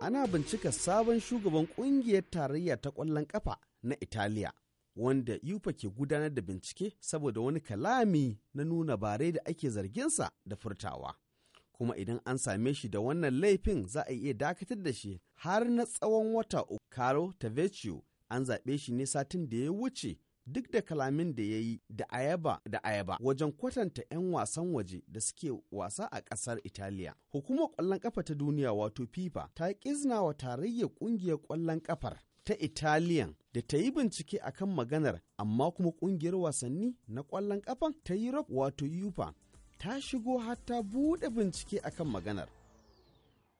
ana bincika sabon shugaban kungiyar tarayya ta ƙwallon ƙafa na Italiya, wanda Yufa ke gudanar da bincike saboda wani kalami na nuna bare da ake zarginsa da furtawa. Kuma idan an same shi da wannan laifin za a iya dakatar da shi har na tsawon wata uku. Caro Tavecchio an zaɓe shi ne satin da ya wuce duk da kalamin da ya yi da ayaba da ayaba wajen kwatanta 'yan wasan waje da suke wasa a ƙasar Italiya. Hukumar ƙwallon ƙafa ta duniya wato FIFA ta wa tarayyar ƙungiyar ƙwallon ƙafar ta Italiyan da ta yi bincike akan maganar amma kuma ƙungiyar wasanni na ƙwallon ƙafan ta Europe wato yufa ta shigo har ta buɗe bincike akan maganar.